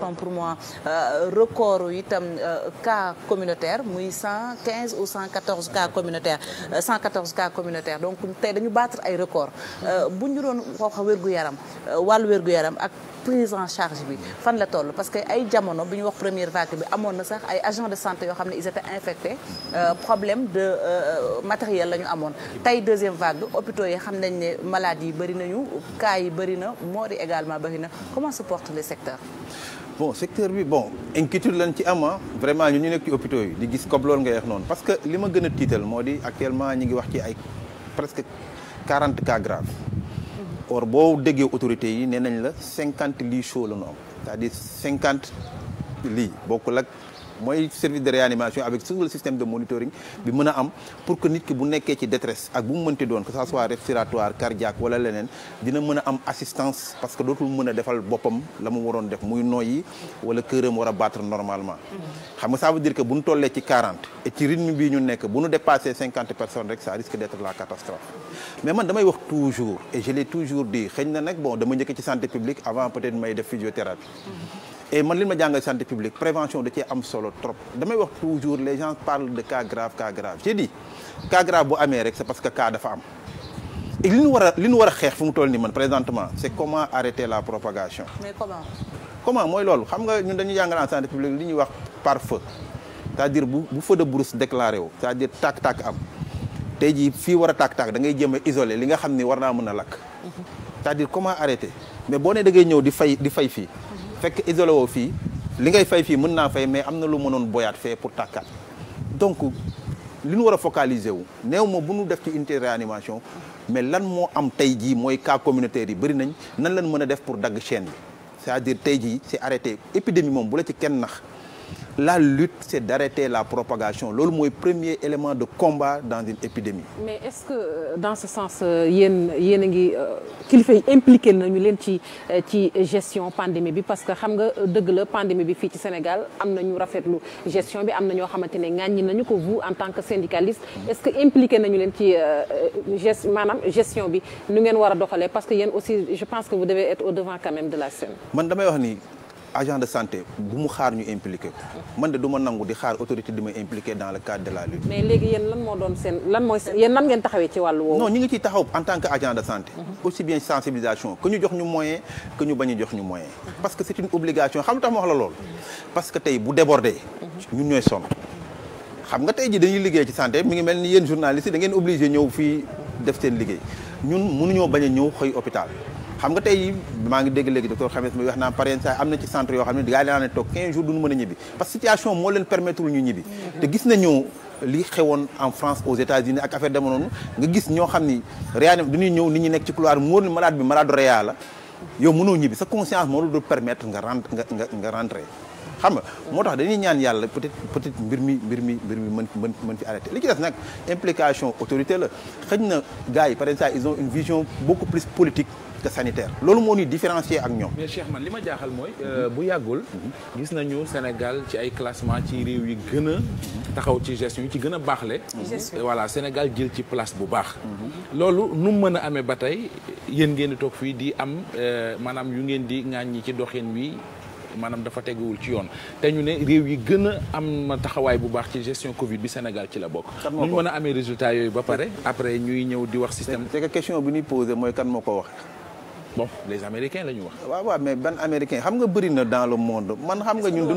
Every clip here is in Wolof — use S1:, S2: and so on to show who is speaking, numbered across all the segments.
S1: tant pour moi euh, record itam euh, cas communautaire muy cent quinze ou cent quatorze cas communautaire euh, cent quatorze cas communautaire donc tey dañu battre ay record bu ñu doon wax wér-gu-yaram wàllu wér yaram ak prise en charge bi fan la toll parce que ay jamono bi ñu wax première vague bi amoon na sax ay agents de santé yoo xam ne ils étaient problème de matériel la ñu amoon tey deuxième vague bi yi xam nañ ne malades yi bëri nañu cas yi bëri na mort yi également bëri na comment se porte secteur
S2: bon secteur bi bon inquiétude lañ ci ama ah. vraiment ñu ñu nekk ci hôpitaux yi di gis comme loolu nga wax noonu parce que li ma gën a tiital moo di actuellement ñu ngi wax ci ay presque quarante cas graves mm-hmm. or boo déggee autorités yi nee nañ la cinquante lits chauds la ñu am c'est-à-dire cinquante lits bokkul ak mooy service de réanimation avec tout le système de monitoring bi mën a am pour que nit ki bu nekkee ci détresse ak bu mu mënti doon que ça soit respiratoire cardiaque wala leneen dina mën a am assistance parce que dootul mën a defal boppam la mu waroon def muy noyyi wala këram war a battre normalement xam nga ça veut dire que bu ñu tollee ci 40 et ci bii ñu nekk bu ñu dépassé 50 personnes rek ça risque d'être la catastrophe mais man damay wax toujours et je l'ai toujours dit xëy na nag bon dama njëkk ci santé publique avant et man li ma jàngal santé publique prévention da cee am solo trop damay wax toujours les gens parlent de cas grave cas grave j'ai dit cas grave bu amee rek c'est parce que cas dafa am et li ñu war li ñu war a xeex fu mu toll nii man présentement c'est comment arrêter la propagation. mais comment. comment mooy loolu xam nga ñun dañuy jàngal en santé publique li ñuy wax par feu c'est-à-dire bu bu feu de brousse wu c'est-à-dire tàkk-tàkk am tey jii fii war a tàkk-tàkk da ngay jéem a isoler li nga xam ni war naa mën a lakk. Mhm. cest à comment arrêter mais boo nee da ñëw di fay di fay fii. fekk isolé fii li ngay fay fii mën naa fay mais am na lu mënoon boyaat fee pour tàkkaat donc li ñu war a focaliser wu néew ma bu ñu def ci unité réanimation mais lan moo am tey jii mooy cas communautaire yi bëri nañ nan lan mën a def pour dagg chaine bi c'est-à-dire tey ji c'est arrêté épidémie moom bu la ci kenn nax la lutte c'est d'arrêter la propagation loolu mooy premier élément de combat dans une épidémie
S3: mais est-ce que euh, dans ce sens euh, yéen yéen a ngi euh, kilifa yi nañu leen ci ci gestion pandémie bi parce que xam nga dëgg la pandémie bi fii ci Sénégal am na nañu rafetlu gestion bi am na ñoo xamante ne ŋàññi nañu ko vous en tant que syndicaliste est-ce que impliqué nañu leen ci gest maanaam gestion bi nu ngeen war a doxalee parce que yéen aussi je pense que vous devez être au devant
S2: agent de santé bu mu xaar ñu impliqué ko man de du ma nangu di xaar autorité di ma impliqué dans le cadre de la lutte.
S3: mais léegi yéen lan moo doon seen lan mooy yéen nan ngeen taxawee ci wàllu woowu. non ñu
S2: ngi ciy taxaw en tant que agent de santé. Mhm. aussi bien sensibilisation que ñu jox ñu moyen que ñu bañ a jox ñu moyen. Mhm. parce que c' une obligation xam lu ma wax la loolu. parce que tey bu débordé. Mhm. ñun ñooy sonn. xam nga tey ji dañuy liggéey ci santé mi ngi mel ni yéen journaliste yi da ngeen obligé ñëw fii def seen liggéey ñun mënuñoo bañ a ñëw xëy hôpital xam nga tey maa ngi dégg léegi docteur Khames mi wax naa par am na ci centre yoo xam ne gars yi dañu toog 15 a ñibbi parce que situation moo leen permettre ñu ñibbi te gis en France aux États-Unis ak nga gis ñoo xam ni réanimation du ñëw nit ñi nekk ci couloir mu wóor ni malade bi malade réa ñibbi sa conscience moo la dul nga rentre nga nga rentré moo tax dañuy ñaan yàlla peut-être peut mbir mi mbir mi mbir mi mën mën mën fi arrêté li ci des nag implication autorité la xëj na gars yi par exemple ils ont une vision beaucoup plus politique masque sanitaire loolu moo ñu différencier ak ñoom
S4: mais Cheikh man li ma jaaxal mooy euh, bu yàggul gis nañu Sénégal ci ay classement ci réew yi gën a taxaw ci gestion yi ci gën a baaxle voilà Sénégal jël ci place bu baax loolu nu mën a amee ba tey yéen ngeen di toog fii di am euh, maanaam yu ngeen di ŋàññi ci doxin wi maanaam dafa teguwul ci yoon te ñu ne réew yi gën a am taxawaay bu baax ci gestion Covid bi Sénégal ci la bokk. nu ñu mën a amee résultat yooyu ba pare après ñuy ñëw di wax système. c'est que question bi ñuy posé mooy kan
S2: moo ko wax. bon les américains la ñu wax. waaw waaw mais ban américain xam nga bëri na dans le monde man xam nga ñun.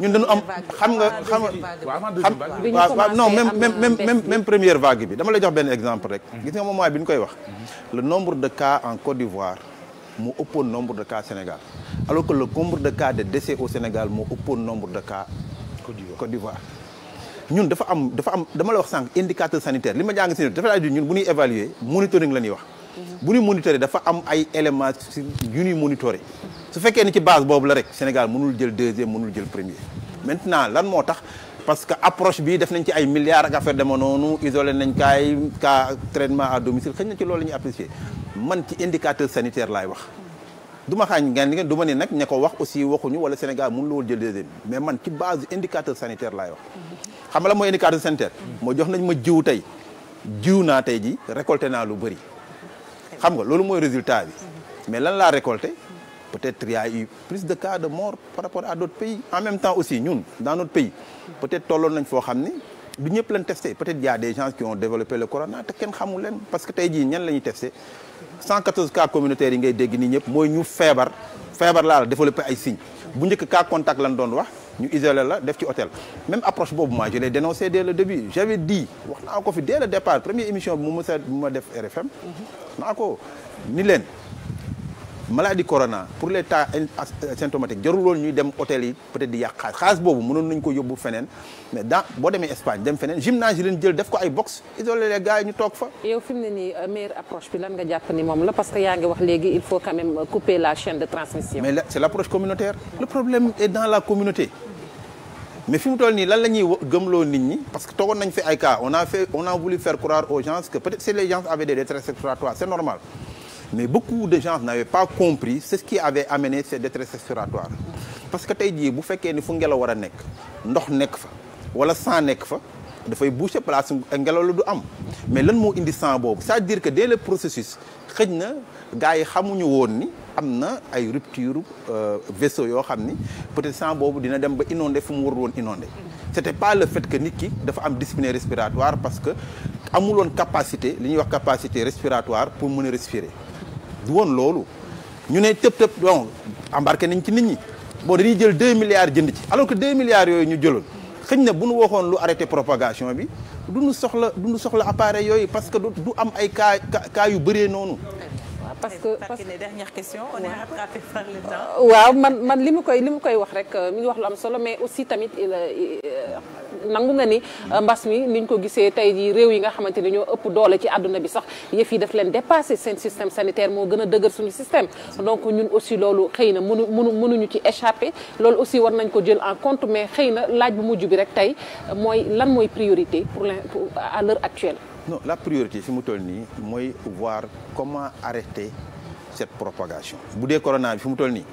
S2: ñun dañu am xam nga xam nga. waaw non même même même même première vague bi dama lay jox benn exemple rek. Mhm. gis nga moment bi ñu koy wax. Mhm. le nombre de cas en Côte d'Ivoire moo ëppoon nombre de cas Sénégal alors que le nombre de cas de décès au Sénégal moo ëppoon nombre de cas. Côte d'Ivoire ñun dafa am dafa am dama la wax sànq indicateur sanitaire li ma jàng si dafa laaj ñun bu ñuy évaluer monitoring la ñuy wax. bu ñuy monitorer dafa am ay éléments yu ñuy monitorer su fekkee ni ci base boobu la rek Sénégal mënul jël deuxième mënul jël premier maintenant lan moo tax parce que approche bi def nañ ci ay milliards ak affaire noonu isolé nañ kaay cas traitement à domicile na ci loolu la ñuy apprécier man ci indicateur sanitaire laay wax du ma xaañ ngeen ngeen du ma nag ña ko wax aussi waxuñu wala Sénégal mënu loolu jël deuxième mais man ci base indicateur sanitaire laay wax xam nga la mooy indicateur sanitaire moo jox nañ ma jiw tey jiw naa tey ji récolté naa lu bëri xam nga loolu mooy résultat bi mais lan laa récolté peut-être il y a eu plus de cas de mort par rapport à d'autres pays en même temps aussi ñun dans notre pays peut-être tolloon nañ foo xam ni du ñëpp lañ testé peut-être il y a des gens qui ont développé le corona te kenn xamul que tey jii ñan la ñuy testé 114 cas yi ngay dégg nii ñëpp mooy ñu feebar feebar laa la développé ay signes bu njëkk ka contact lañ doon wax ñu isolé la def ci hôtel même approche boobu moi je l'ai dénoncé dès le début j'avais dit wax naa ko fi dès le départ première émission bi mu mës a wax ko ni leen maladie corona pour les cas symptomatiques jarul woon ñuy dem hôtel yi peut-être di yàq xaalis xaalis boobu mënoon nañu ko feneen mais dans boo demee Espagne dem feneen gymnase leen jël def ko ay box isolé les gars ñu toog fa.
S3: yow fi mu ne nii euh, meilleure approche bi lan nga jàpp ni moom la parce que yaa ngi wax léegi il faut quand même euh, couper la chaîne de transmission.
S2: mais là c'est l'approche communautaire. le problème est dans la communauté. mais fi mu toll nii lan la ñuy gëmloo nit ñi parce que toogoon nañ fi ay cas on a fait on a voulu faire croire aux gens que peut-être les gens avaient des détresses respiratoires c'est normal mais beaucoup de gens n'avaient pas compris ce qui avait amené ces détresses respiratoires parce que tey jii bu fekkee ni fu ngelaw war a nekk ndox nekk fa wala sang nekk fa dafay boucher place ngelaw la du am mais lan moo indi sang boobu c'est-à-dire que dès le processus xëj na gars yi xamuñu woon ni am na ay rupture euh, vaisseau yoo xam ni peut-être sang boobu dina dem ba inondé fu mu warul woon inondé c'était pas le fait que nit ki dafa am dyspnée respiratoire parce que amuloon capacité li ñuy wax capacité respiratoire pour mën a respirer du woon loolu ñu ne tëb tëb bon embarqué nañ ci nit ñi bon dañuy jël 2 milliards jënd ci alors que ñu jëloon xëñ na bu nu waxoon lu arrêté propagation bi du nu soxla du soxla appareil yooyu parce que du am ay cas cas yu bëree noonu.
S1: parce que parce que dernière question on est euh, waaw
S2: man man li mu koy li mu koy wax
S3: rek euh, mu ngi wax lu am solo mais aussi tamit euh, nangu nga ni mbas mi ni ñu ko gisee tey jii réew yi nga xamante ni ñoo ëpp doole ci àdduna bi sax yëf yi def leen dépassé seen système sanitaire moo gën a dëgër suñu système. donc ñun aussi loolu xëy na mënu mënu mënuñu ci échappé loolu aussi war nañ ko jël en compte mais xëy na laaj bu mujj bi rek tey mooy lan mooy priorité pour à l'heure actuelle.
S2: non la priorité fi mu toll nii mooy voir comment arrêter cette propagation bu dee corona bi fi mu toll nii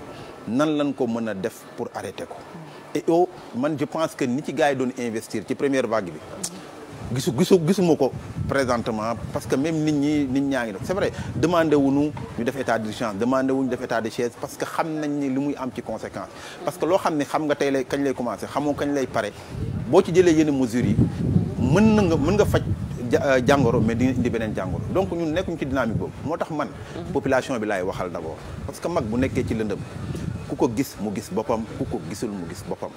S2: nan lañ ko mën a def pour arrêter ko et oh man je pense que ni ci gars yi doon investir ci première vague bi gisu gisu gisuma ko présentement parce que même nit ñi nit ñaa ngi def c'est vrai demandé wuñu ñu def état d'urgence demandé wuñu def état de siège parce que xam nañ ni li muy am ci conséquence parce que loo xam ni xam nga tey lay kañ lay commencer xamoo kañ lay pare boo ci jëlee yenn mesures yi mën na nga mën nga faj Euh, jàngoro mais di beneen jàngoro donc ñun nekkuñ ci dynamique boobu moo tax man mhm. population bi laay waxal d'abord parce que mag bu nekkee ci lëndëm ku ko gis mu gis boppam ku ko gisul mu gis boppam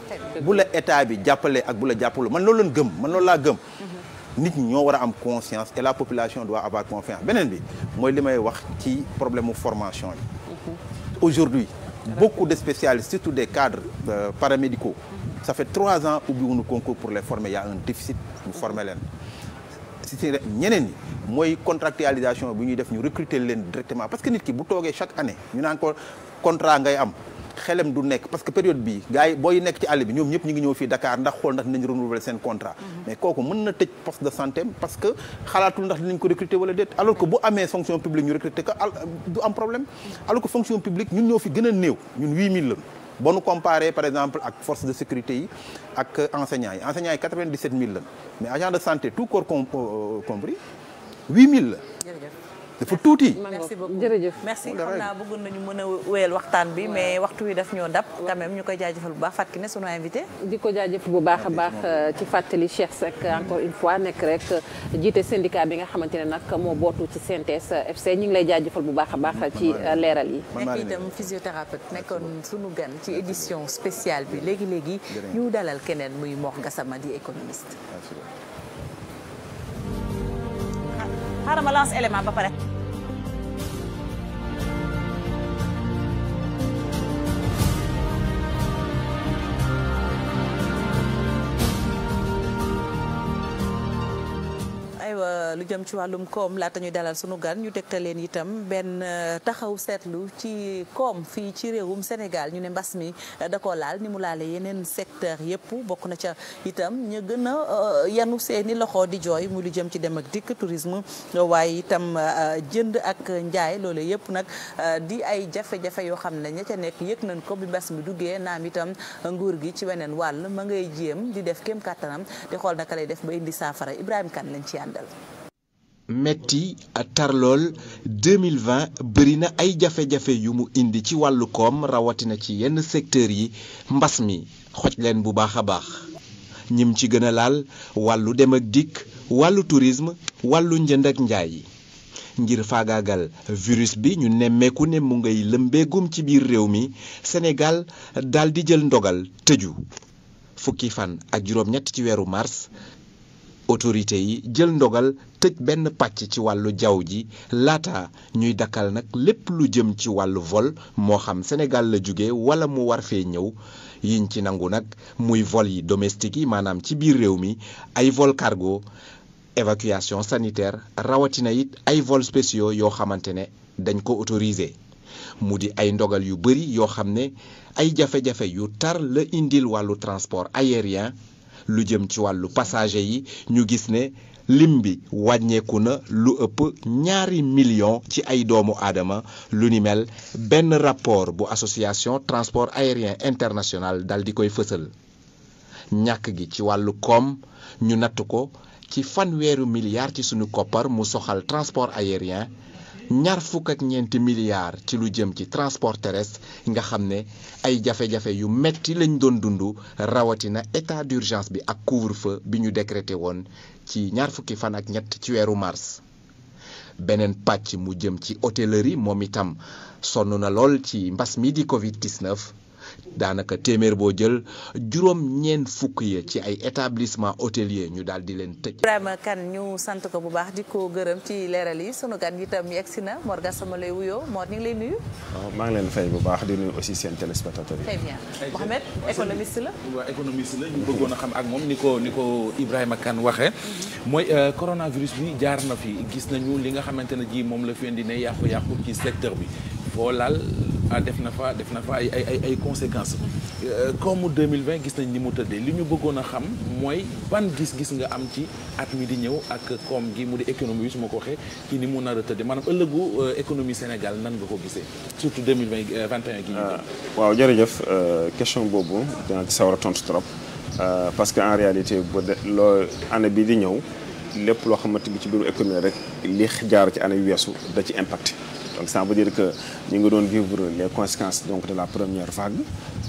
S2: bu la état bi jàppale ak bu la jàppalu man loolu lañ gëm man loolu laa gëm mhm. nit ñi ñoo war a am conscience et la population doit avoir confiance beneen bi mooy li may wax ci problème mu formation bi
S5: mhm.
S2: aujourd'hui beaucoup de spécialistes surtout des cadres euh, paramédicaux ça fait trois ans ubbiwuñu concours pour les former il y a un leen si si ñeneen ñi mooy contractualisation bi ñuy def ñu recruter leen directement parce que nit ki bu toogee chaque année ñu naan ko contrat ngay am xelem du nekk parce que période bii gars booy nekk ci àll bi ñoom ñëpp ñu ngi ñëw fii Dakar ndax xool ndax dinañ renouveler seen contrat mhm. mais kooku mën na tëj poste de santé parce que xalaatul ndax dinañ ko recruter wala déet alors que bu amee fonction publique ñu recruter ko du am problème mhm. alors boo nu comparé par exemple ak force de sécurité yi ak enseignants yi enseignants yi 97000 la mais agent de santé tout corps euh, compris 8000 la. dafa tuuti. merci
S1: beaucoup jërëjëf. merci xam naa bëggoon nañu mën a wéyal waxtaan bi mais waxtu wi daf ñoo dab. quand ñu koy jaajëfal bu baax Fatou Kiné sunu invité. di ko jaajëf bu baax a baax ci fàttali Cheikh sec encore une fois
S3: nekk rek jiite syndicat bi nga xamante ne nag moo bootu ci CNTS FC ñu ngi lay jaajëfal bu baax a baax ci euh, leeral yi. nekk itam
S1: physiothérapeute nekkoon sunu gan ci édition spéciale bi léegi léegi ñu dalal keneen muy nga sama di économiste. xaaral ma lance élément ba pare. Euh, lu jëm ci wàllum koom laata ñuy dalal sunu gan ñu tegtal leen itam benn euh, taxaw seetlu ci koom fii ci réewum Sénégal ñu ne mbas mi euh, da ko laal ni mu laale yeneen secteur yëpp bokk na ca itam ñu gën a yanu seeni loxo di jooy muy lu jëm ci dem ak dikk tourisme waaye itam jënd ak njaay loolu yëpp nag di ay jafe-jafe yoo xam ne ña ca nekk yëg nañ ko bi mbas mi duggee naam itam nguur gi ci weneen wàll ma ngay jéem di def kéem kàttanam di xool naka lay def ba indi saafara Ibrahima Kane lañ ci àndal
S6: metti tarlool lool 2020 bëri na ay jafe-jafe yu mu indi ci wàllu koom rawatina ci yenn secteurs yi mbas mi xoj leen bu baax a baax ñim ci gën a laal wàllu dem ak dikk wàllu tourisme wàllu njënd ak njaay yi ngir faagaagal virus bi ñu nemmeeku ne mu ngay lëmbeegum ci biir réew mi senegal daldi jël ndogal tëju fukki fan ak juróom-ñett ci weeru mars autorité yi jël ndogal tëj benn pàcc ci wàllu jaww ji laata ñuy dakkal nag lépp lu jëm ci wàllu vol moo xam Sénégal la jóge wala mu war fee ñëw yiñ ci nangu nag muy vol yi domestique yi maanaam ci biir réew mi ay vol cargo évacuation sanitaire rawatina it ay vol spéciaux yoo xamante ne dañ ko autorisé mu di ay ndogal yu bari yoo xam ne ay jafe-jafe yu tar la indil wàllu transport aérien lu jëm ci wàllu passager yi ñu gis ne lim bi wàññeeku na lu ëpp ñaari million ci ay doomu aadama lu ni mel benn rapport bu association transport aérien international dal di koy fësal ñàkk gi ci wàllu koom ñu natt ko ci fanweeru milliard ci suñu koppar mu soxal transport aérien ñaar fukk ak ñeenti milliards ci lu jëm ci transport terrestre nga xam ne ay jafe-jafe yu metti lañ doon dund rawatina état d'urgence bi ak couvre-feu bi ñu décrété woon ci ñaar fukki fan ak ñett ci weeru mars beneen pàcc mu jëm ci hôtellerie moom itam sonn na lool ci mbas mi di Covid-19 daanaka téeméer boo jël juróom ñeent fukk ya ci ay établissement hôtelier ñu daal di leen tëj.
S1: Ibrahima Kane ñu sant ko bu baax di ko gërëm ci leeral yi sunu gan yi tam yegsi na Mor sama lay wuyoo Mor ñu ngi nuyu.
S7: maa ngi leen fay bu baax di nuy aussi seen téléspectateurs yi.
S1: très bien la.
S4: waaw ñu bëggoon a xam ak moom ni ko ni ko Ibrahima Kane waxee. Mhm. mooy euh, coronavirus bi jaar na fi gis nañu li nga xamante ne ji moom la fi indi ne yàqu-yàqu ci secteur bi. boo laal ah def na fa def na fa ay ay ay conséquences euh, comme 2020 gis nañ ni mu tëddee li ñu bëggoon a xam mooy ban gis-gis nga am ci at mi di ñëw ak koom gi mu di économie bi su ma ko waxee ci ni mu nar a tëddee maanaam ëllëgu euh, économie Sénégal nan nga ko gisee surtout 2020 21 euh, gi. Ah,
S7: waaw jërëjëf question boobu dina sawar a tontu trop parce que en réalité bu de loo année bi di ñëw lépp loo xamante bi ci biiru économie rek li jaar ci année yu weesu da ci impact. donc ça veut dire que ñu ngi doon vivre les conséquences donc de la première vague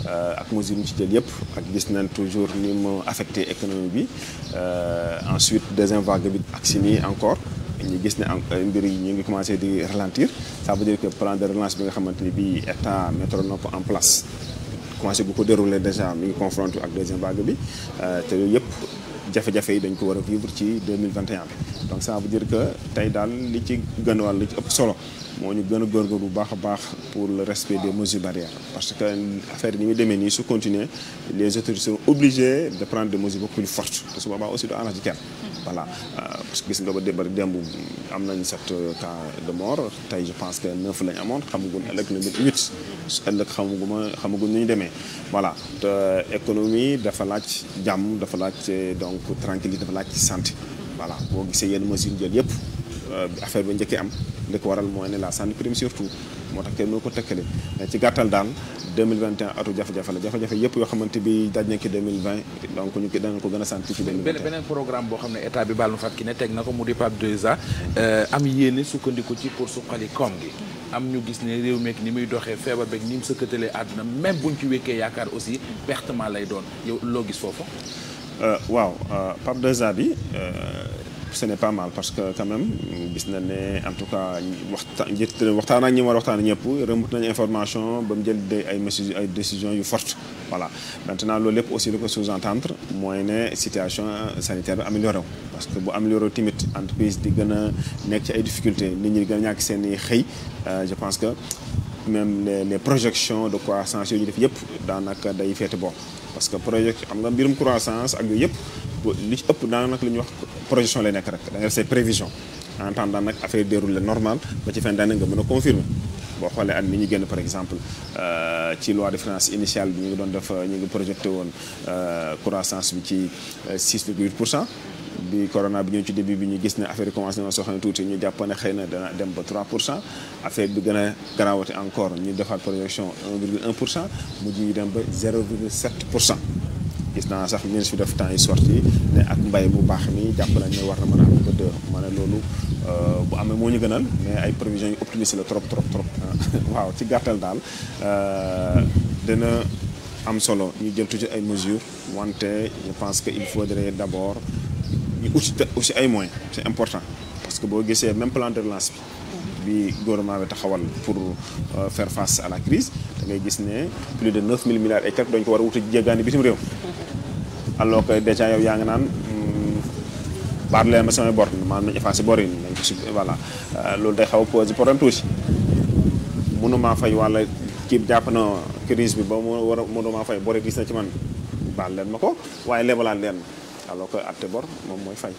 S7: euh, ak mesures yu ci jël yëpp ak gis na toujours ni mu affecté économie bi euh, ensuite deuxième vague bi ak si ni encore ñu gis ne euh, mbir yi ñu ngi commencé di ralentir ça veut dire que plan de relance bi nga xamante ni bii état mettre na ko en place commencé bu ko déroulé déjà mi ngi confronté ak deuxième vague bi te yooyu yëpp jafe-jafe yi dañ ko war a vivre ci 2021 bi donc saa bu dire que tey daal li ci gën wàll li ci ëpp solo moo ñu gën a góorgóorlu bu baax a baax pour le respect des mesures barrières parce que affaire yi ni muy demee nii su continuer les autorités sont obligées de prendre des mesures beaucoup plus fortes te su boobaa aussi du arrange kenn voilà euh, parce que gis nga ba démb démb am nañ sept euh, cas de mort tey je pense que neuf lañ amoon xamaguñ ëllëg na ngeen huit su ëllëg xamaguma xamaguñ nu ñu demee voilà te économie dafa laaj jàmm dafa laaj euh, donc tranquillité dafa laaj santé voilà boo gisee yenn mesures jël yëpp euh, affaire ba njëkkee am li ko waral mooy ne la sanni prime surtout moo tax kenn mënu ko tëkkale ci gàttal daal 2021 atu jafe-jafe la jafe-jafe yoo xamante bi daj nañ ko gën a sant ci 2021
S4: beneen programme boo xam ne état bi baal ma fàttali ne teg na ko mu di PAP 2A euh, am yéene sukkandiku ci pour suqali koom gi am ñu gis ne réew meek ni muy doxee feebar beeg ni mu sëkkatalee àdduna même buñ ci wékkee yaakaar aussi
S7: pertement lay doon loo gis foofu Euh, waaw euh, Pape 2A bi euh, ce n'est pas mal parce que quand même gis na ne en tout cas waxtaan waxtaan ak ñi war waxtaan ñëpp remut nañu information ba mu jël ay mesures ay décisions yu fortes voilà maintenant loolu lépp aussi lu ko sous-entendre mooy ne situation sanitaire bi amélioré wu parce que bu amélioré timit entreprise di gën a nekk ci ay difficultés nit ñi di ñàkk seen i xëy je pense que même les les projection de croissance yooyu ñu def yëpp daanaka day féete bon parce que projet xam nga mbirum croissance ak yooyu yëpp li ci ëpp daanaka li ñuy wax projection lay nekk rek da def say prévision en attendant nag affaire déroulé normal ba ci fin d'année nga mën a confirmer boo xoolee at mi ñu génn par exemple euh, ci loi de finance initiale bi ñu ngi doon def euh, ñu ngi projeté woon euh, croissance bi ci 6,8 pour cent bi corona bi ñëw ci début bi ñu gis ne affaire yi commencé na soxna tuuti ñu jàpp ne xëy na dana dem ba 3 pour cent affaire bi gën a garaawati encore ñu defaat projection 1 virgule 1 pour cent mujj ñu dem ba 0 pour cent gis naa sax ministre def temps yi sorti ne ak mbay bu baax mi jàpp nañ ne war na mën a am ba 2 ma ne loolu euh, bu amee moo ñu gënal mais ay provision yu optimiste la trop trop trop waaw ci gàttal daal euh, dana am solo ñu jël tuuti ay mesures wante je pense que il faudrait d'abord ñu aussi aussi ay moyens c'est important parce que boo gisee même plan de relance bi. bi gouvernement bi taxawal pour euh, faire face à la crise da ngay gis ne plus de neuf mille milliards et quelques ko war a wuti jéggaani bitim réew. alors que déjà yow yaa ngi naan hmm, baal leen ma samay bor maanaam nañu effacé bor yi nañ ko si voilà euh, loolu day xaw a posé problème tuuti mënuma fay wala kii jàpp na crise bi ba mu war a mënuma fay bor yi gis na ci man baal leen ma ko waaye lebalaat leen alors que moom mooy fay.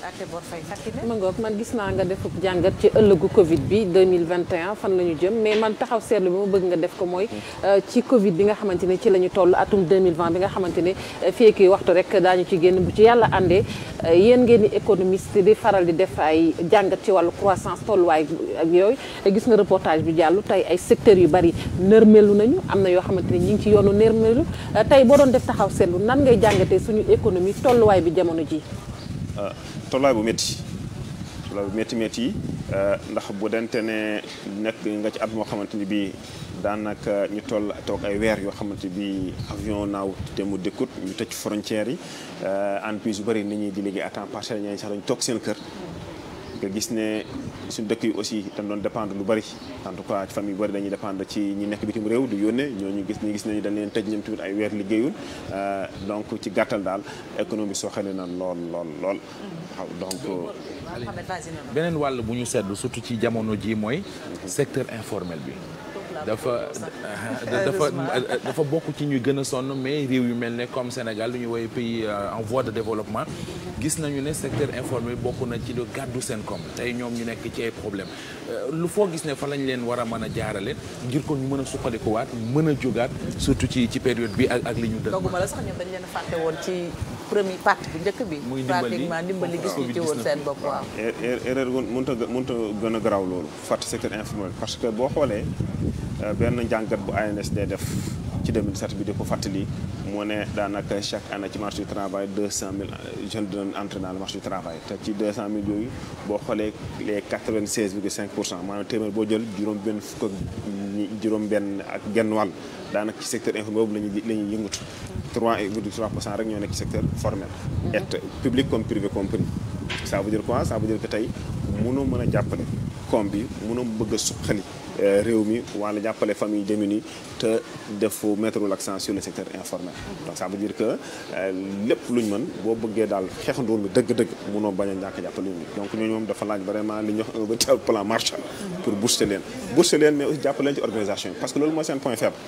S3: man gis naa nga def jàngat ci ëllëgu Covid bi fan la ñu jëm mais man taxaw seetlu bi ma bëgg nga def ko mooy mm-hmm. euh, ci Covid bi nga xamante ne ci la ñu toll atum 2020 bi nga xamante ne euh, fii waxtu rek daañu ci génn bu ci yàlla àndee euh, yéen ngeen di économiste di faral di def ay jàngat ci wàllu croissance tolluwaay ak yooyu gis nga reportage bi jàll tey ay secteurs yu bari nërmelu nañu am na yoo xamante ne ñu ngi ci yoonu nërmelu tey boo doon def taxaw seetlu nan ngay jàngatee suñu économie tolluwaay bi jamono jamono ji
S7: euh, tolluwaay bu métti tolluwaay bu métti métti euh, ndax bu dente ne nekk nga ci at moo xamante ni bii daanaka ñu toll toog ay weer yoo xamante bi avion naaw te mu dëkkut ñu tëj frontières yi euh, en plus yu bëri nit ñi di liggéey à temps partiel sax dañu toog seen kër nga gis ne suñu dëkk yi aussi dañ doon dépendre lu bari en tout cas ci famille bari dañuy dépendre ci ñi nekk bitim réew du yónnee ñooñu gis ñu gis nañu dañ leen tëj ñoom tamit ay weer liggéeyul euh, donc ci gàttal daal économie sooxale na lool lool lool donc
S1: euh, beneen
S4: wàll bu ñu seetlu surtout ci jamono ji mooy secteur informel bi dafa dafa dafa bokk ci ñuy gën a sonn mais réew yu mel ne comme Sénégal lu ñu woowee pays euh, en voie de développement gis nañu ne secteur informé bokk na ci lu gàddu seen koom tey ñoom ñu nekk ci ay problème euh, lu foo gis ne fa lañ leen war a mën a jaarale ngir ko ñu mën a suqalikuwaat mën a jógaat surtout ci ci période bi ak ak li ñu dëgg. dooguma la
S1: sax ñoom dañ leen fàtte woon ci. premier partie bu njëkk bi. muy pratiquement dimbali gis ñu ci woon seen bopp waaw.
S7: Er-, er-, erreur mënut a mënut a gën a garaw loolu fàtte secteur informel parce que boo xoolee euh, benn njàngat bu ANSD def ci 2007 bi de ko fàttali moo daanaka chaque année ci marché du travail 200000 euh, jeunes dinañ entrer dans le marché du travail te ci 200000 yooyu boo xoolee les 96 virgule 5 pour cent maanaam téeméer boo jël juróom-benn fukk juróom-benn ak genn wàll daanaka ci secteur informel boobu la ñuy la ñuy yëngatu 3 virgule 3 pour cent rek ñoo nekk ci secteur formel. et public comme privé compris ça veut dire quoi ça veut dire que tey mënoo mën a jàppale koom bi mënoo bëgg a suqali euh, réew mi wala jàppale famille démunie te def mettre l'accent sur le secteur informel donc ça veut dire que euh, lépp lu ñu mën boo bëggee daal xeex mi dëgg-dëgg munoo bañ a ñàkk jàppale nit ñi donc ñooñu moom dafa laaj vraiment li ñuy wax un véritable plan Marshall pour booster leen booster leen mais aussi jàppale leen ci organisation yi parce que loolu mooy seen point faible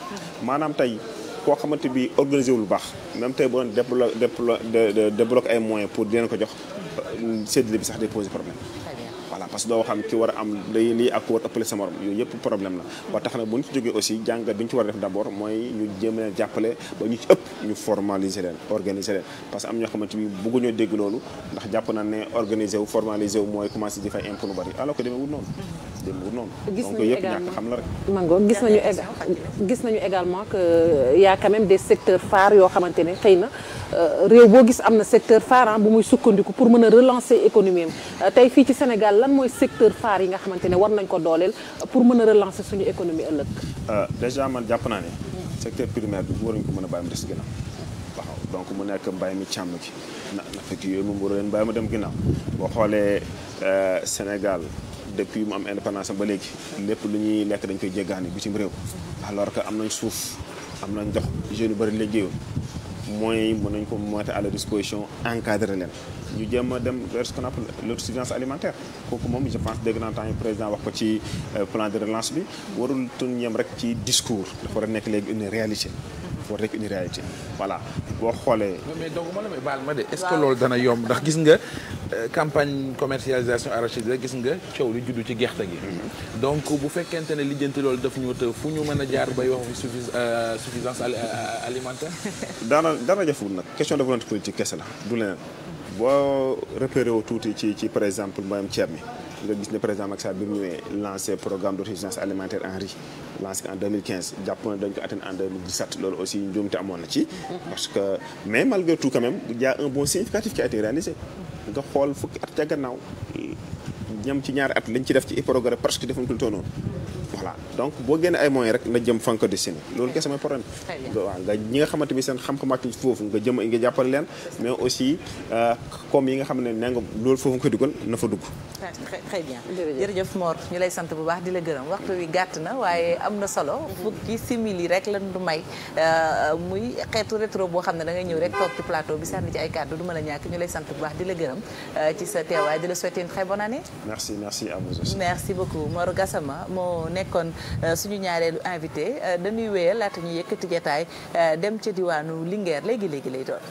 S7: maanaam tey xamante bi organisé wu lu baax même tey bu doon débloqué ay moyens pour dinañ ko jox séddale bi sax day poser problème voilà parce que doo xam ki war a am lii ak war ëppale sa morom yooyu yëpp problème la ba tax na bu ñu ci jógee aussi jàngat bi ñu ci war a def d'abord mooy ñu jéem leen jàppale ba ñu ci ëpp ñu formaliser leen parce que am ñoo xamante ni bëgguñoo dégg loolu ndax jàpp na ne organiser wu formaliser wu mooy commencé di fay impôt lu bari alors que demee wut noonu demee wut noonu gis
S3: nañu gis nañu également que y a quand même des secteurs phares yoo xamante ne xëy na euh, réew boo gis am na secteur phare ah, bu muy sukkandiku pour mën a relancer économie euh, tey fii ci Sénégal lan mooy secteur phare yi nga xamante ne war nañ ko dooleel pour mën a relancer suñu économie
S7: ëllëg. Euh, déjà man jàpp naa ne. secteur primaire bi nañ ko mën a bàyyi mu des ginnaaw. waaw donc mu nekk mbay mi càmm gi fekk yooyu moom waru leen bàyyi mu dem ginnaaw boo xoolee euh, Sénégal depuis mu am indépendance ba léegi lépp lu ñuy lekk dañ koy jéggaani bitim réew alors que am nañ suuf am nañ ndox jeunes yu bëri liggéeyul mooy yi mën nañ ko mettre à la disposition encadrer leen ñu jéem a dem vers ce qu'on appelle alimentaire kooku moom je pense dégg naa yi président wax ko ci euh, plan de relance bi warul tun ñem rek ci discours dafa war a nekk léegi une réalité sport rek une réalité voilà boo xoolee.
S4: mais donc ma la may baal ma de. est-ce que loolu dana
S7: yomb ndax gis nga euh, campagne
S4: commercialisation arachide la gis nga coow li juddu ci gerte gi. Mm-hmm. donc bu fekkente ne lijjanti loolu daf ñu të fu ñu mën a jaar bay wax euh, suffisance euh, alimentaire.
S7: daana daana jafewul nag question de volonté ci kese la du leneen boo repéré wu tuuti ci ci par exemple mbayam ceeb mi. nga gis ne président Macky Sall bi mu ñëwee lancé programme d'autosuffisance alimentaire en riz en 2015 dañ ko atteindre en 2017 loolu aussi njuumte amoon na ci. parce que mais malgré tout quand même il bon significatif qui a été réalisé. nga xool fukki at ca gannaaw ñam ci ñaar at lañ ci def ci progrès presque defuñu ko toonoo voilà donc boo génne ay moyens rek nga jëm fan ko destiné loolu kese mooy problème waaw nga ñi nga xamante bi seen xam-xam ak foofu nga jëm nga jàppale leen mais aussi comme euh, yi nga xam ne nee nga loolu foofu nga ko dugal na fa dugg
S1: très bien jërëjëf Mor ñu lay sant bu baax di la gërëm waxtu wi gàtt na waaye am na solo fukki simili rek lan du may euh, muy xeetu rétro boo xam ne da ngay ñëw rek toog ci plateau bi sànni ci ay kàddu du mën a ñàkk ñu lay sant bu baax di la gërëm euh, ci sa teewaay di la souhaiter une très bonne année merci merci merci beaucoup Mor Gassama moo kon euh, suñu ñaareelu invité euh, dañuy wéyal laata ñuy yëkkati jataay euh, dem ci diwaanu Linguère léegi léegi lay doon.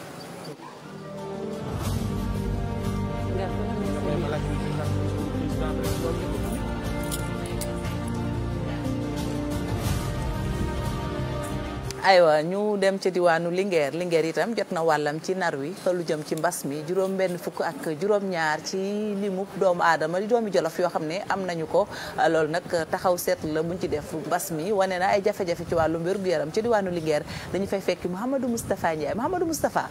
S1: aywa ñu dem ca diwaanu Linguère Linguère itam jot na wàllam ci nar wi lu jëm ci mbas mi juróom benn fukk ak juróom-ñaar ci limu doomu aadama di doomi jolof yoo xam ne am nañu ko loolu nag taxaw seetlu la buñ ci def mbas mi wane na ay jafe-jafe ci wàllu wér gu yaram ca diwaanu Linguère dañu fay fekk Mouhamadou Moustapha Ndiaye Mouhamadou Moustapha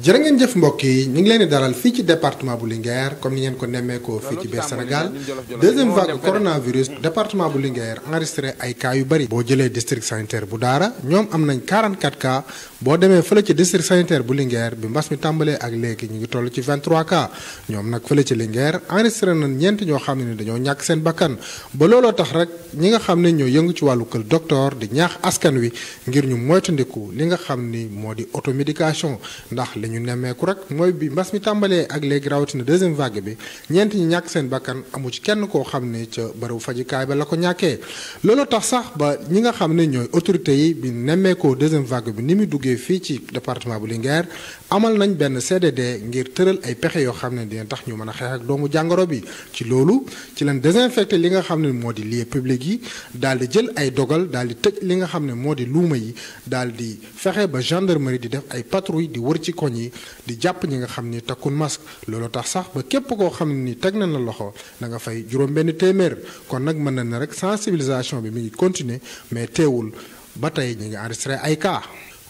S5: jërë ngeen jëf mbokk yi ñu ngi leen di daral fii ci département bu Linguère comme ni ngeen ko nemmeekoo fii ci biir Sénégal deuxième vague coronavirus département bu Linguère enregistré ay cas yu bari. boo jëlee district sanitaire bu Daara ñoom am nañ 44 cas boo demee fële ci district sanitaire bu Linguère bi mbas mi tàmbalee ak léegi ñu ngi toll ci 23 cas ñoom nag fële ci Linguère enregistré nañ ñeent ñoo xam ne dañoo ñàkk seen bàkkan ba looloo tax rek ñi nga xam ne ñoo yëngu ci wàllu kër docteur di ñaax askan wi ngir ñu moytandiku li nga xam ni moo di automédication ndax li nemmeeku rek mooy bi mbas mi tàmbalee ak léegi rawatina deuxième vague bi ñeent ñàkk seen bakkan amu ci kenn koo xam ne ca bërëbu fajukaay ba la ko ñàkkee looloo tax sax ba ñi xam ne ñooy autorité yi bi nemmeekoo deuxième vague bi ni muy duggee jógee fii ci département bu Linguère amal nañ benn CDD ngir tëral ay pexe yoo xam ne dina tax ñu mën a xeex ak doomu jàngoro bi ci loolu ci leen désinfecté li nga xam ne moo di lieu public yi daal di jël ay dogal daal di tëj li nga xam ne moo di luuma yi daal di fexe ba gendarmerie di def ay patrouille di wër ci koñ yi di jàpp ñi nga xam ni takkun masque loolu tax sax ba képp koo xam ni teg na la loxo na nga fay juróom benn téeméer kon nag mën na ne rek sensibilisation bi mi ngi mais teewul ba tey ñu ngi enregistré ay cas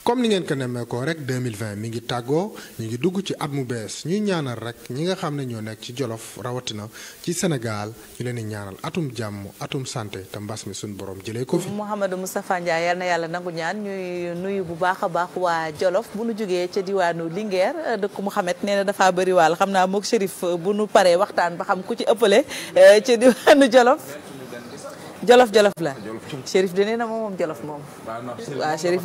S5: comme ni ngeen ko nemmeekoo rek 2020 mi ngi tàggoo ñu ngi dugg ci at mu bees ñuy ñaanal rek ñi nga xam ne ñoo nekk ci Jolof rawatina ci Sénégal ñu leen di ñaanal atum jàmm atum santé te mbas mi suñu borom jëlee ko fi.
S1: Mouhamadou Moustapha Ndiaye yal na yàlla nangu ñaan ñuy nuyu bu baax a baax waa Jolof bu nu jógee ca diwaanu Linguère dëkk Mouhamed nee na dafaa bëri waal xam naa mook Chérif bu nu paree waxtaan ba xam ku ci ëppale eh, ca diwaanu Jolof. jolof jolof la Chérif de nee na moom moom jolof moom waaw Chérif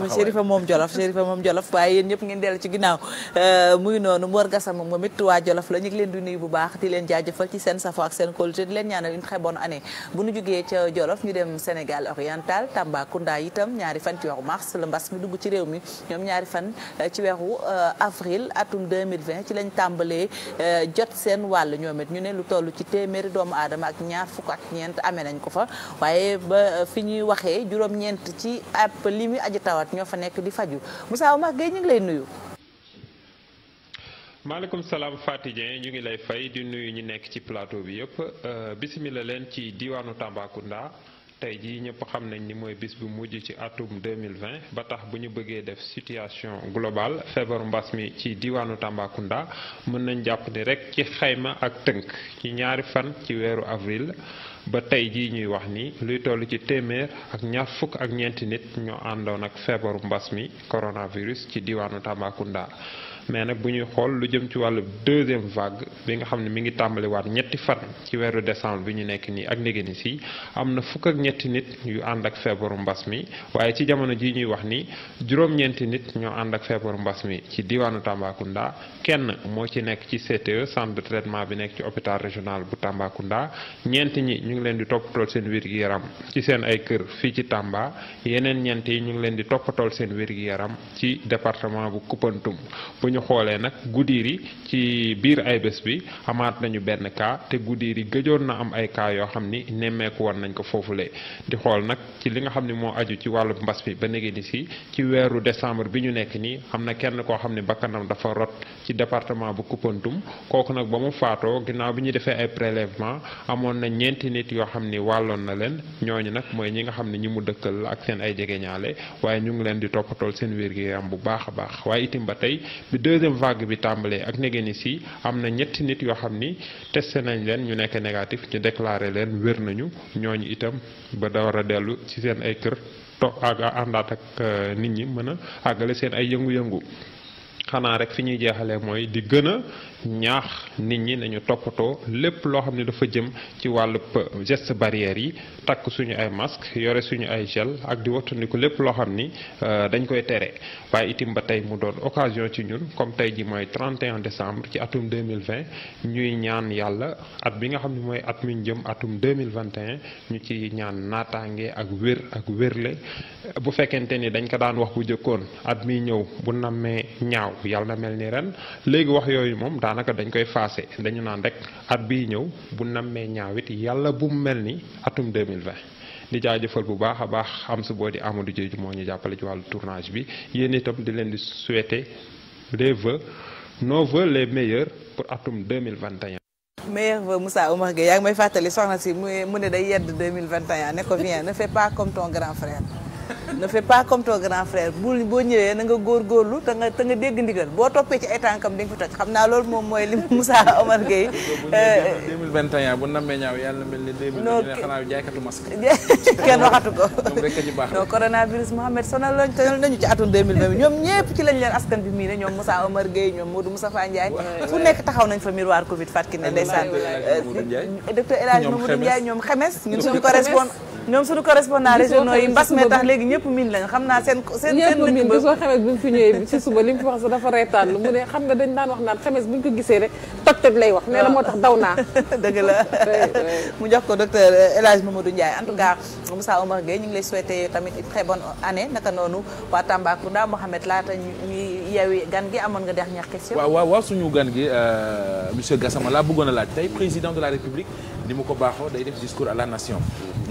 S1: moom jolof Chérifa moom jolof waaye yéen ñëpp ngeen dellu ci ginnaaw euh, muy noonu Mor Gassama moom mit waa jolof la ñu ngi leen di nuyu bu baax di leen jaajëfal ci seen safo ak seen kóolute di leen ñaanal une très bonne année bu nu jógee ca jolof ñu dem Sénégal oriental Tambacounda itam ñaari fan ci weeru mars la mbas mi dugg ci réew mi ñoom ñaari fan euh, ci weeru euh, avril atum 2020 ci lañ tàmbalee jot seen wàll ñoom ñu ne lu toll ci téeméeri doomu aadama ak ñaar fukk ak ñeent amee nañ ko fa waaye ba eh, fi ñuy waxee juróom-ñeent ci app li muy aji tawat ñoo fa nekk di faju Moussa Oumar Gueye ñu ngi lay nuyu.
S8: maaleykum salaam Fatou Dieng ñu ngi lay fay di nuyu ñi nekk ci plateau bi yëpp eh, bisimilah leen ci diwaanu Tambacounda. tey jii ñëpp xam nañ ni mooy bis bu mujj ci atum 2020 ba tax bu ñu bëggee def situation globale feebaru mbas mi ci diwaanu Tambacounda mën nañ jàpp ni rekk ci xayma ak tënk ci ñaari fan ci weeru avril ba tey jii ñuy wax ni luy toll ci téeméer ak ñaar fukk ak ñeenti nit ñoo àndoon ak feebaru mbas mi coronavirus ci diwaanu Tambacounda. mais nag bu ñuy xool lu jëm ci wàllu deuxième vague bi nga xam ne mi ngi tàmbaliwaat ñetti fan ci weeru décembre bi ñu nekk nii ak négéni si am na fukk ak ñetti nit yu ànd ak feebaru mbas mi waaye ci jamono jii ñuy wax ni juróom nit ñoo ànd ak feebaru mbas mi ci diwaanu Tambacounda kenn moo ci nekk ci CTE centre de traitement bi nekk ci hôpital régional bu Tambacounda ñeenti ñi ñu ngi leen di toppatool seen wér-gu-yaram ci seen ay kër fii ci Tamba yeneen ñeenti ñu ngi leen di toppatool seen wér-gu-yaram ci département bu Koupantoum ñu xoolee nag Goudiri ci biir ay bés bi amaat nañu benn cas te Goudiri gëjoon na am ay cas yoo xam ni nemmeeku woon nañ ko foofulee di xool nag ci li nga xam ne moo aju ci wàllu mbas bi ba léegi ni si ci weeru décembre bi ñu nekk nii xam na kenn koo xam ne bakkanam dafa rot ci département bu Koupantoum kooku nag ba mu faatoo ginnaaw bi ñu defee ay prélèvement amoon na ñeenti nit yoo xam ne wàlloon na leen ñooñu nag mooy ñi nga xam ne ñi mu dëkkal ak seen ay jegeñaale waaye ñu ngi leen di toppatool seen wér-gi-yaram bu baax a baax waaye itam ba tey deuxième vague bi tàmbalee ak negéeni si am na ñetti nit yoo xam ni testé nañ leen ñu nekk négatif ñu déclaré leen wér nañu ñooñu itam ba da war a dellu ci seen ay kër to ak àndaat ak euh, nit ñi mën a àggale seen ay yëngu-yëngu xanaa rek fi ñuy jeexale mooy di gën a ñaax nit ñi nañu toppatoo lépp loo xam ne dafa jëm ci wàllu geste barrière yi takk suñu ay masque yore suñu ay gel ak di wattandiku lépp loo xam ni euh, dañ koy tere waaye itim ba tey mu doon occasion ci ñun comme tey ji mooy 31 décembre ci atum 2020 ñuy ñaan yàlla at bi nga xam ne mooy at mi jëm atum 2021 ñu ci ñaan naataange ak wér ak wérle bu fekkente ni dañ ko daan wax bu jëkkoon at mi ñëw bu nammee ñaaw yàlla mel ni ren léegi wax yooyu moom daanaka dañ koy faase dañu naan rek at bii ñëw bu nammee ñaawit yàlla bu mu mel ni atum 2020 di jaajëfal bu baax a baax am su boo di Amadou Diédhiou moo ñu jàppale ci wàllu tournage bi yéen itam di leen di suwete les vœux no vœux les meilleurs pour atum 2021
S1: meilleur vœu Moussa Oumar Gueye yaa ngi may soxna si mu ne day yedd 2021 ne ko viens ne fais pas comme ton grand frère ne fais pas comme ton grand frère bul ñëwee na nga góorgóorlu te nga te nga dégg ndigal boo toppee ci ay tànkam di nga ko toj xam naa lool moom mooy li Moussa Omar Gueye.
S4: 2021 bu nammee ñaaw yàlla mel ni 2000. non kii xanaa
S1: ñoom ñëpp ci lañ leen askan fu nekk taxaw nañ fa miroir Covid Fatou Kiné ndeysaan. Euh, docteur El Hadj Mamadou Ndiaye ñoom xemes ñun suñu correspondant ñoom suñu correspondant régionaux yi mbas mi tax léegi ñëpp miin lañ xam naa seen seen ñëpp miin bi soo xemes bi mu fi ñëwee suba li mu fi wax sax dafa reetaan lu mu ne xam nga dañ ah. naa dëgg la mu jox ko docteur eh, El ma Mamadou Ndiaye en tout cas Moussa Omar Gueye ñu ngi lay souhaiter tamit très bonne année naka noonu waa Tambacounda Mohamed laata ñuy yeewi gan gi amoon nga dernière question waaw waaw
S4: waaw suñu gan gi euh, monsieur Gassama laa bëggoon a laaj tey président de la république ni mu ko baaxoo day def discours à la nation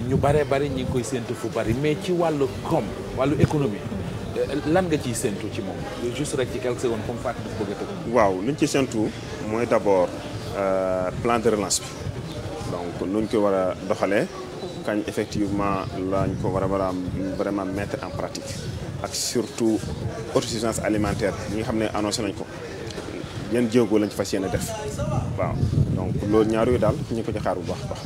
S4: ñu baree bari ñu ngi koy séntu fu bari mais ci wàllu koom wàllu économie euh, lan nga ciy séentu ci moom juste rek ci quelques
S6: secondes comme Fatou dafa bëgg a
S7: tëgg. waaw li ñu ci séntu mooy d'abord euh, plan de relance bi donc nu ñu ko war a doxalee kañ effectivement lañ ko war a war a vraiment mettre en pratique ak surtout autosuffisance alimentaire ñi ngi xam ne annoncé nañ ko yan jéego lañ fas yéene def waaw donc loolu ñaar yooyu daal ñu ko ci xaar bu baax a baax.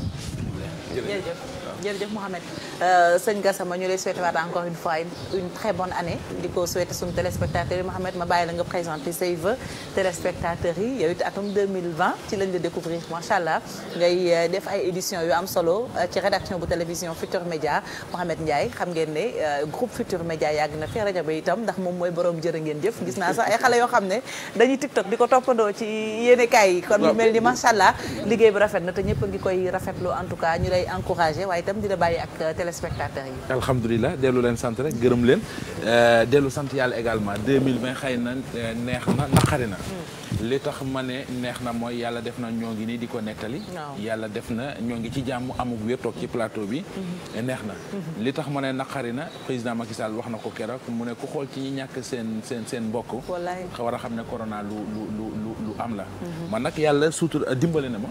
S1: jërëjëf Mouhamed euh, sëñ Gassama ñu lay souhaité waat encore une fois une très bonne année di ko souhaité suñu téléspectateurs yi Mouhamed ma bàyyi la nga présenter say vœux téléspectateurs yi yow it atum 2020 ci lañ la découvrir macha allah ngay euh, def ay éditions yu am solo euh, ci rédaction bu télévision Futur Média Mouhamed Ndiaye xam ngeen ne groupe Futur Média yàgg na fi rajo ba itam ndax moom mooy borom jërë ngeen jëf gis naa sax ay xale yoo xam ne dañuy TikTok di ko toppandoo ci yéene kaay yi kon mu mel liggéey bu rafet na te ñëpp a koy rafetlu en tout cas ñu lay encouragé itam di la bàyyi ak euh, téléspectateurs
S4: dellu leen sant rek gërëm leen euh, dellu sant yàlla également 2020 xëy na euh, neex na naqari na. Mm. li tax ma ne neex na mooy yàlla def na ñoo ngi nii di ko nettali. yàlla def na ñoo ngi ci jàmm amug wér toog ci plateau bi. Mm-hmm. neex na mm-hmm. li tax ma ne naqari na président Macky Sall wax na ko keroog mu ne ku xool ci ñàkk seen seen seen mbokk. wallaay war a xam ne corona lu lu lu lu am la. Mm-hmm. man nag yàlla sutur dimbali na ma.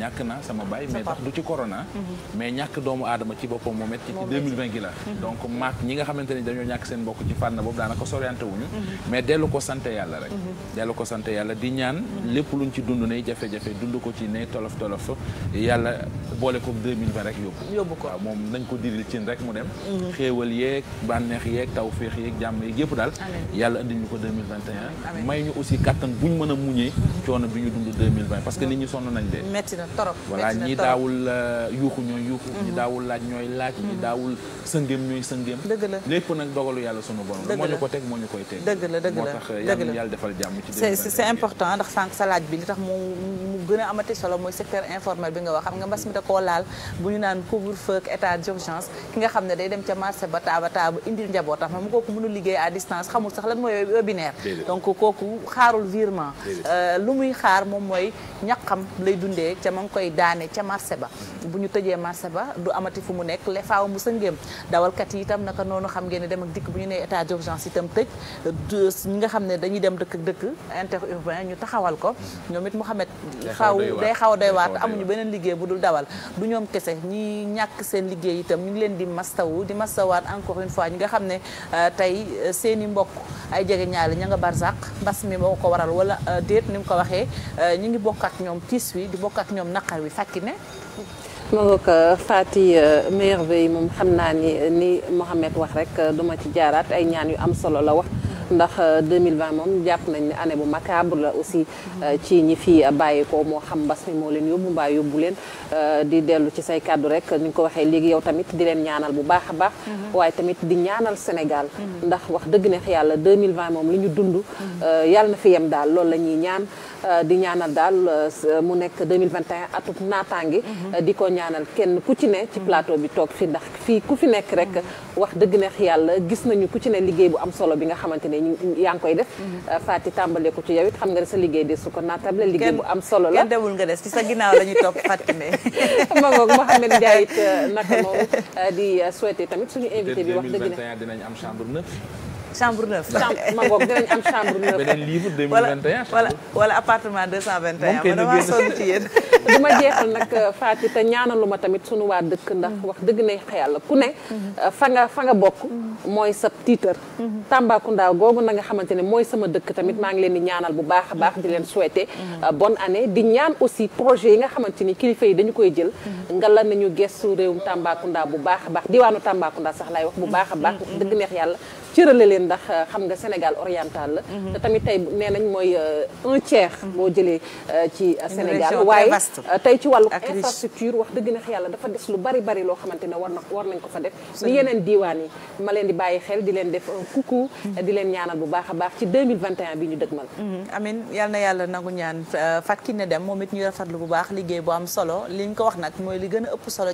S4: ñàkk naa sama baay mais tax du ci corona. mais ñàkk doomu aadama ci boppam moom it ci 2020 gi la mhm. donc maak ñi nga xamante ni dañoo ñàkk seen bokk ci fànn boobu daanaka soriante mhm. mais dellu ko sant yàlla rek mhm. dellu ko sant yàlla di ñaan lépp lu ñu ci dund ne jafe-jafe dund ko ci ne tolof tolof yàlla boole ko 2020 rek yóbbu ko moom nañ ko diril cin rek mu dem xéewal yeeg bànneex yeeg taw féex yeeg jàmm yeeg yëpp daal yàlla indi ñu ko 2021 may ñu aussi kattan buñ mën a muñee coono bi ñu dund 2020 parce que nit ñi sonn nañ dee
S1: metti na torop voilà
S4: ñi daawul laaj ñooy laaj ñi mhm. daawul sëngéem ñooy sëngéem dëgg la lépp nag dogalu yàlla sunu borom moo ñu ko teg moo ñu koy teg dëgg la moo tax yàlla
S1: a xam ne day dem ca marché ba taaba taaba indil njabootam mu kooku mënul liggéey à distance xamul sax lan mooy webinaire donc kooku xaarul virement euh, lu muy xaar moom mooy ñaqam lay dundee ca ma ngi koy daane ca marché ba mm-hmm. bu ñu tëjee marché ba ba du amati fu mu nekk le faaw mu sëngéem dawalkat yi itam naka noonu xam ngeen ne dem ak dikk bu ñu nee état d'urgence itam tëj ñi nga xam ne dañuy dem dëkk dëkk interurbain ñu taxawal ko ñoom it Mouhamed xaw day xaw a doy waat amuñu beneen liggéey bu dul dawal du ñoom kese ñi ñàkk seen liggéey itam ñu ngi leen di mastawu di mastawaat encore une fois ñi nga xam ne euh, tey euh, seen i mbokk ay jege ñaale ña nga barzak mbas mi moo ko waral wala euh, déet ni mu ko waxee ñi ngi bokk ñoom tiis wi di bokk ak ñoom naqar wi fàkki ne
S3: ma nga ko Fati euh, merveille moom xam naa ni ni Mohamed wax rek euh, duma ci jaaraat ay ñaan yu am solo la wax ndax 2020 euh, moom jàpp nañ ni année bu macabre la aussi ci ñi fi bàyyi ko moo xam mbas mi moo leen yóbbu mbaa yóbbu leen di dellu ci say kàddu rek ni ñu ko waxee léegi yow tamit di leen ñaanal bu baax a baax mhm. waaye tamit di ñaanal Sénégal mhm. ndax wax dëgg neex yàlla 2020 moom lu ñu dund mhm. yàlla na fi yem daal loolu la ñuy ñaan Euh, di ñaanal daal euh, mu nekk 2021 atub ngi mhm. euh, di ko ñaanal kenn ku ci ne. ci mhm. plateau bi toog fi ndax fii ku fi nekk rek. Mhm. wax dëgg neex yàlla gis nañu ku ci ne liggéey bu am solo bi nga xamante ne yaa ngi koy def. Fati tàmbale ko ci yow xam nga ne sa liggéey de su ko naatable liggéey bu am solo la. kenn
S1: nga des ci sa ginnaaw la ñuy topp Fati ne.
S3: ma ngoog Mouhamed Ndiaye it naka moom di souhaiter tamit
S1: suñu invité bi wax dëgg ne dinañ am chambre neuf. chambre neuf. ma ngoog dinañ am chambre neuf. beneen wala wala appartement 221. moom damaa sonn ci yéen. du ma
S3: jeexal nag faat euh, Fatou te ñaanalu ma tamit suñu waa dëkk ndax mm-hmm. wax dëgg ne yàlla ku ne. Mm-hmm. Euh, fa nga fa nga bokk. Mm-hmm. mooy sa tiitar. Tambacounda googu na nga xamante ne mooy sama dëkk tamit maa ngi leen di ñaanal bu baax a baax di leen souhaiter. Euh, bon année di ñaan aussi projet yi nga xamante ni kilifa yi dañu koy jël. nga la nañu gestu réewum Tambacounda bu baax a baax diwaanu Tambacounda sax lay wax bu baax a baax. dëgg neex yàlla. cërale leen ndax euh, xam nga Sénégal oriental la. Mhm. te tamit tey nee nañ mooy euh, un tiers. boo mhm. jëlee euh, ci Sénégal waaye tey ci wàllu infrastructure wax dëgg na yàlla dafa des lu bari bari loo xamante ne war na war nañ ko fa def. ni yeneen diiwaan yi ma leen di bàyyi xel di leen def un coucou. Mhm. di leen ñaanal bu baax a baax ci 2021
S1: bi ñu dëgmal. amin yal na yàlla nangu ñaan Fatou Kiné Deme moom it ñu rafetlu bu baax liggéey bu am solo liñ ko wax nag mooy li gën a ëpp solo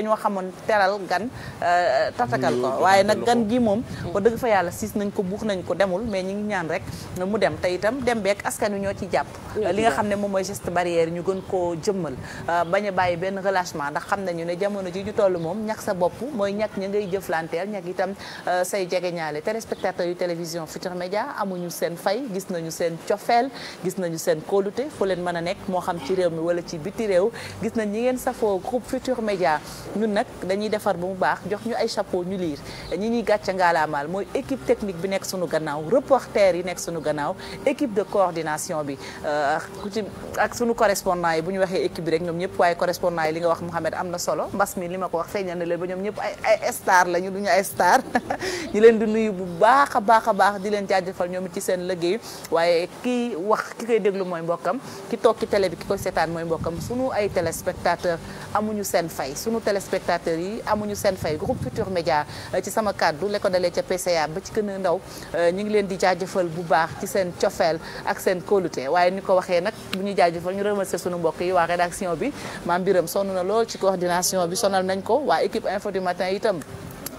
S1: dañoo xamoon teral gan euh, tatakal ko waaye nag gan gi moom ba dëgg fa yàlla siis nañ ko buux nañ ko demul mais ñi ngi ñaan rek mu dem te itam dem beek askan wi ñoo ci jàpp li nga xam ne moom mooy geste barrière ñu gën koo jëmmal euh, bañ a bàyyi benn relâchement ndax xam nañu ne jamono ji ñu toll moom ñàkk sa bopp mooy ñàkk ña ngay jëflanteel ñàkk itam euh, say jegeñaale téléspectateurs yu télévision Futurs Médias amuñu seen fay gis nañu seen cofeel gis nañu seen kóolute fu leen mën a nekk moo xam ci réew mi wala ci biti réew gis nañ ñi ngeen safoo groupe Futurs Médias ñun nag dañuy defar ba mu baax jox ñu ay chapeau ñu liir ñi ñuy gàcce ngaalaamaal mooy équipe technique bi nekk sunu gannaaw reporter yi nekk sunu gannaaw équipe de coordination bi euh, ku ci ak sunu correspondant yi bu ñu waxee équipe bi rek ñoom ñëpp waaye correspondant yi li nga wax Mouhamed am na solo mbas mi li ma ko wax feeñal na leen ba ñoom ñëpp ay ay star la ñu duñu ay star ñu leen di nuyu bu baax a baax a baax di leen jaajëfal ñoom ci seen liggéey waaye kii wax ki koy déglu mooy mbokkam ki toog ci télé bi ki koy mooy mbokkam sunu ay téléspectateur amuñu seen fay sunu téléspectateurs yi amuñu seen fay groupe Futur Média euh, ci sama kàddu la ko dalee ca PCA ba ci gën ndaw euh, ñu ngi leen di jaajëfal bu baax ci seen cofeel ak seen kóolute waaye ni ko waxee nag bu ñu jaajëfal ñu remercier suñu mbokk yi waa rédaction bi maam Biram sonn na lool ci coordination bi sonal nañ ko waa équipe info du matin itam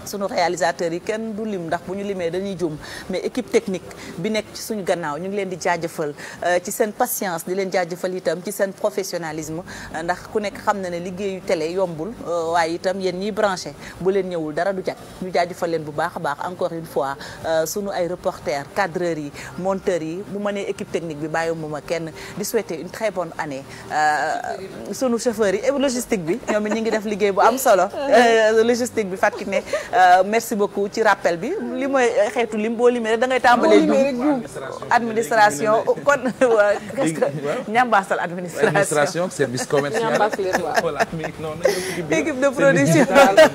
S1: sunu réalisateurs yi kenn du lim ndax bu ñu limee dañuy jum mais équipe technique bi nekk ci suñu gannaaw ñu ngi leen di jaajëfal euh, ci seen patience di leen jaajëfal itam ci seen professionnalisme euh, ndax ku nekk xam na ne liggéeyu télé yombul euh, waaye itam yéen ñiy branché bu leen ñëwul dara du jag ñu jaajëfal leen bu baax a baax encore une fois sunu ay reporters cadreurs yi monteurs yi bu ma nee équipe technique bi bàyyi mu ma kenn di souhaiter une très bonne sunu chauffeurs yi et bi ñoom ñu ngi def liggéey bu am solo logistique bi Fatou Kiné Euh, merci beaucoup ci rappel bi li mooy xeetu lim boo limee rek da ngay tàmbalee jum administration kon qu'est-ce que ñambaasal administration
S4: service commercial
S1: voilà équipe de production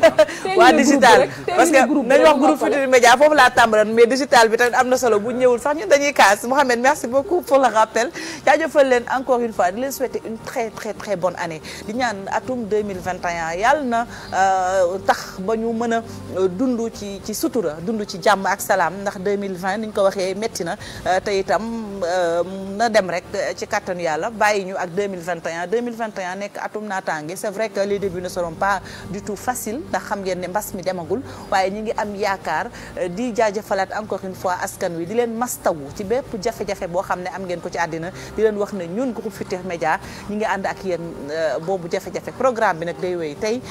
S1: waa digital parce que nañu wax groupe Futurs Médias foofu laa tàmbalan mais digital bi tamit am na solo bu ñëwul sax ñun dañuy kaas Mohamed merci beaucoup pour le rappel jaajëfal leen encore une fois di leen souhaiter une très très très bonne année di ñaan atum yàlla na euh, tax ba ñu mën dund ci ci sutura dundu ci jàmm ak salaam ndax 2020 ni ñu ko waxee métti na euh, te itam euh, na dem rek ci kàttanu yàlla bàyyi ñu ak 2021 2021 nekk atum naataange c'est vrai que les débuts ne seront pas du tout faciles ndax xam ngeen ne mbas mi demagul waaye ñi ngi am yaakaar euh, di jaajëfalaat encore une fois askan wi di leen mastawu ci bépp jafe-jafe boo xam ne am ngeen ko ci àddina di leen wax ne ñun groupe Futurs Médias ñi ngi ànd ak yéen boobu jafe-jafe programme bi nag day wéy tey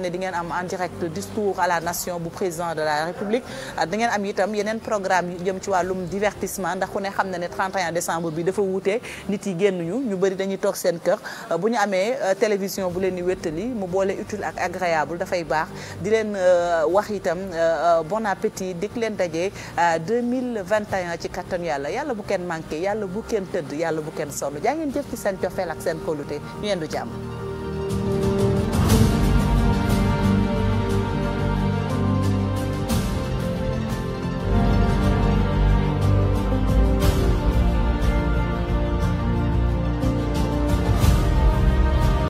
S1: ngeen di ngeen am en direct discours à la nation bu président de la république ah, di ngeen am itam yeneen programme yu jëm ci wàllum divertissement ndax ku ne xam na ne 31 décembre bi dafa wuute nit yi génnuñu ñu bëri dañuy toog seen kër ah, bu ñu amee euh, télévision bu leen di wéttali mu boole utile ak agréable dafay baax di leen euh, wax itam euh, bon appétit dik leen dajee 2021 ci kattan yàlla yàlla bu kenn manqué yàlla bu kenn tëdd yàlla bu kenn sonn jaa ngeen jëf ci seen cofeel ak seen kóolute ñu yendu jàmm